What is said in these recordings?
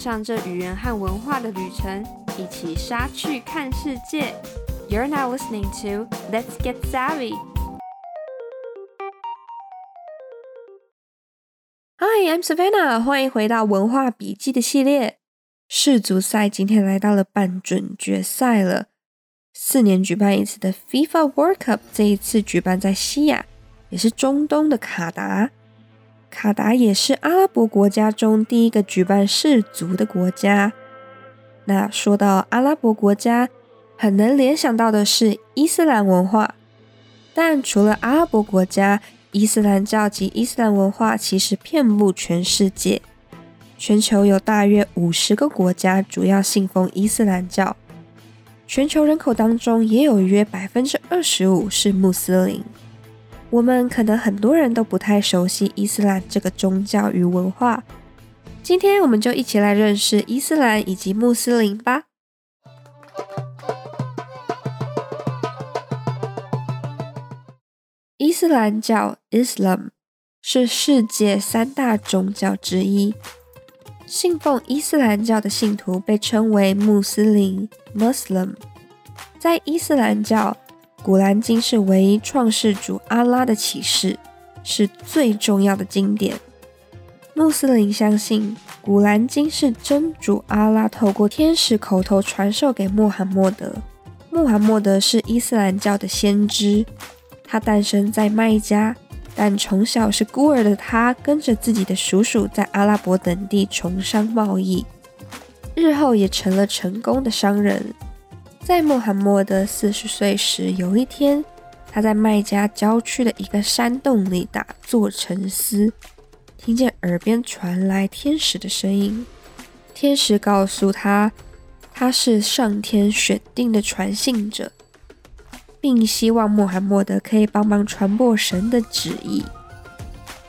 上這語言和文化的旅程，一起莎去看世界。You're now listening to Let's Get Savvy. Hi, I'm Savannah. 歡迎回到文化筆記的系列。世足賽今天來到了半準決賽了。四年舉辦一次的 FIFA World Cup 這一次舉辦在西亞，也是中東的卡達。卡達也是阿拉伯國家中第一個舉辦世足的國家。那說到阿拉伯國家，很能聯想到的是伊斯蘭文化。但除了阿拉伯國家，伊斯蘭教及伊斯蘭文化其實遍布全世界。全球有大約五十個國家主要信奉伊斯蘭教，全球人口當中也有約百分之二十五是穆斯林。我們可能很多人都不太熟悉伊斯蘭這個宗教與文化，今天我們就一起來認識伊斯蘭以及穆斯林吧。伊斯蘭教 Islam 是世界三大宗教之一，信奉伊斯蘭教的信徒被稱為穆斯林 Muslim。在伊斯蘭教《古蘭經》是唯一創世主阿拉的啟示，是最重要的經典。穆斯林相信，《古蘭經》是真主阿拉透過天使口頭傳授給穆罕默德。穆罕默德是伊斯蘭教的先知，他誕生在麥加，但從小是孤兒的他，跟着自己的叔叔在阿拉伯等地從商貿易，日後也成了成功的商人。在穆罕默德四十歲時，有一天，他在麥加郊區的一個山洞裡打坐沉思，聽見耳邊傳來天使的聲音。天使告訴他，他是上天選定的傳信者，並希望穆罕默德可以幫忙傳播神的旨意。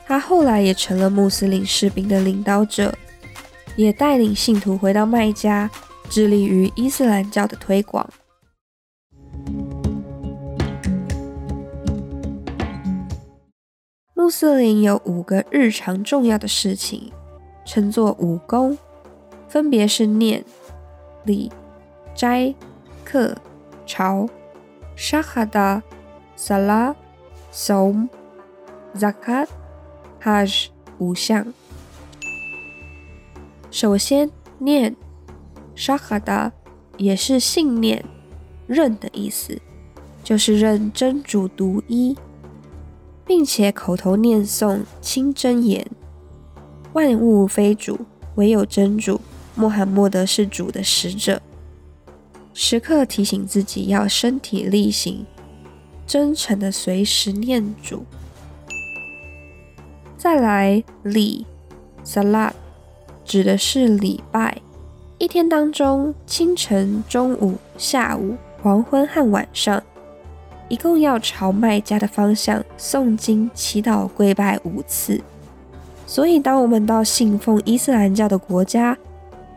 他後來也成了穆斯林士兵的領導者，也帶領信徒回到麥加。致力於伊斯蘭教的推廣。穆斯林有五個日常重要的事情，稱作五功，分別是念、禮、齋、課、朝、沙哈達、薩拉、誦、zakat、haj 五項。首先念。沙哈達也是信念、認的意思，就是認真主獨一，並且口頭念誦清真言：萬物非主，唯有真主。穆罕默德是主的使者。時刻提醒自己要身體力行，真誠的隨時念主。再來，禮，salat 指的是禮拜。一天當中，清晨、中午、下午、黃昏和晚上，一共要朝麥加的方向誦經、送金祈禱、跪拜五次。所以，當我們到信奉伊斯蘭教的國家，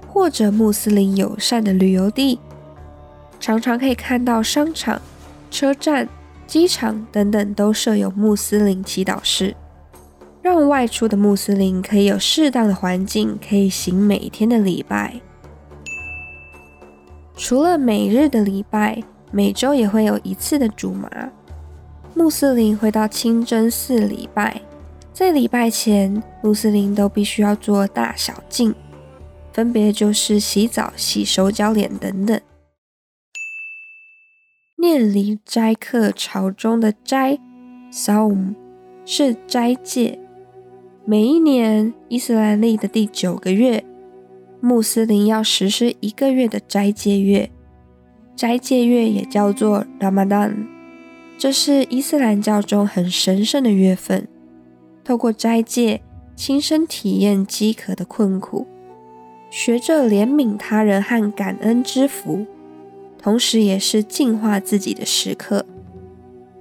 或者穆斯林友善的旅遊地，常常可以看到商場、車站、機場等等都設有穆斯林祈禱室，讓外出的穆斯林可以有適當的環境，可以行每天的禮拜。除了每日的禮拜，每周也會有一次的主麻。穆斯林會到清真寺禮拜，在禮拜前，穆斯林都必須要做大小淨，分別就是洗澡、洗手腳、臉等等。念禮齋課朝中的齋，soom 是齋戒，每一年伊斯蘭曆的第九個月，穆斯林要實施一個月的齋戒月，齋戒月也叫做 Ramadan，這是伊斯蘭教中很神聖的月份。透過齋戒，親身體驗飢渴的困苦，學着憐憫他人和感恩之福，同時也是淨化自己的時刻。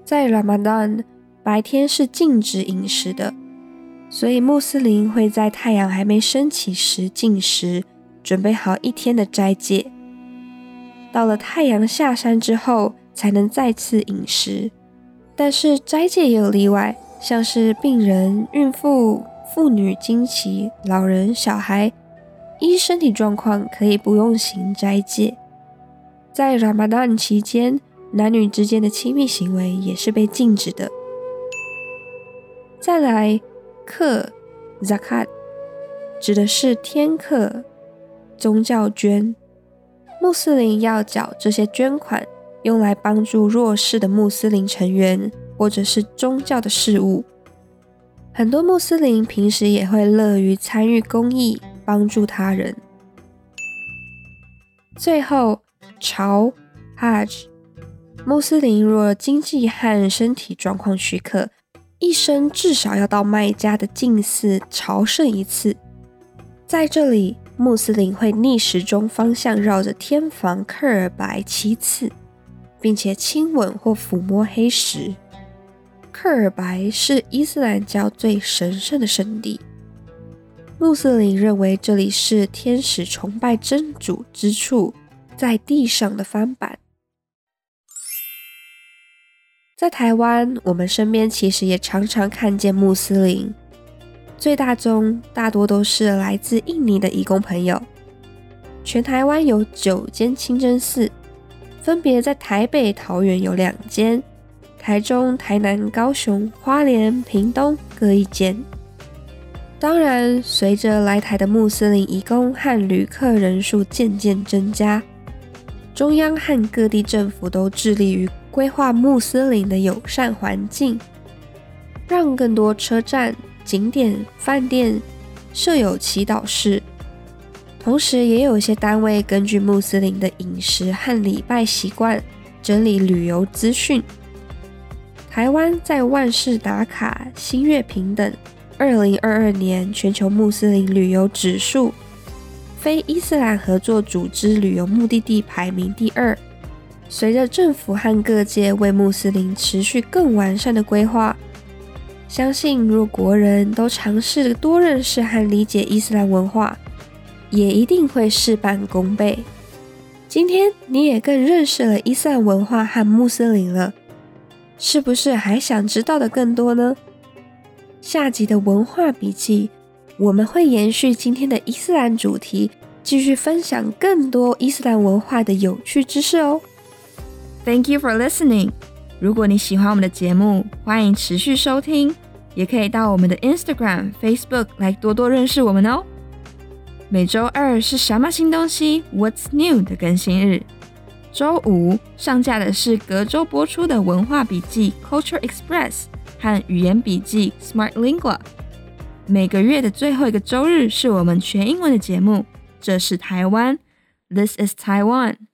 在 Ramadan 白天是禁止飲食的，所以穆斯林會在太陽還沒升起時進食。準備好一天的齋戒，到了太陽下山之後才能再次飲食。但是齋戒也有例外，像是病人、孕婦、婦女經期、老人、小孩，依身體狀況可以不用行齋戒。在 Ramadan 期間，男女之間的親密行為也是被禁止的。再來，課 Zakat 指的是天課。宗教捐，穆斯林要繳這些捐款，用來幫助弱勢的穆斯林成員，或者是宗教的事務。很多穆斯林平時也會樂於參與公益，幫助他人。最後，朝 Hajj，穆斯林若經濟和身體狀況許可，一生至少要到麥加的禁寺朝聖一次。在這裡。穆斯林會逆時鐘方向繞着天房克爾白七次，並且親吻或撫摸黑石。克爾白是伊斯蘭教最神聖的聖地。穆斯林認為這裡是天使崇拜真主之處，在地上的翻版。在台灣，我們身邊其實也常常看見穆斯林。最大宗大多都是來自印尼的移工朋友。全台灣有九間清真寺，分別在台北、桃園有兩間，台中、台南、高雄、花蓮、屏東各一間。當然，隨着來台的穆斯林移工和旅客人數漸漸增加，中央和各地政府都致力於規劃穆斯林的友善環境，讓更多車站。景點、飯店設有祈禱室，同時也有一些單位根據穆斯林的飲食和禮拜習慣整理旅遊資訊。台灣在萬事達卡、新月平等、二零二二年全球穆斯林旅遊指數非伊斯蘭合作組織旅遊目的地排名第二。隨着政府和各界為穆斯林持續更完善的規劃。相信，若國人都嘗試多認識和理解伊斯蘭文化，也一定會事半功倍。今天你也更認識了伊斯蘭文化和穆斯林了，是不是還想知道的更多呢？下集的文化筆記，我們會延續今天的伊斯蘭主題，繼續分享更多伊斯蘭文化的有趣知識哦。Thank you for listening. 如果你喜歡我們的節目，歡迎持續收聽，也可以到我們的 Instagram、Facebook 來多多認識我們哦。每周二是什麼新東西？What's New 的更新日，周五上架的是隔周播出的文化筆記 Culture Express 和語言筆記 Smart Lingua。每個月的最後一個周日是我們全英文的節目，這是台灣，This is Taiwan。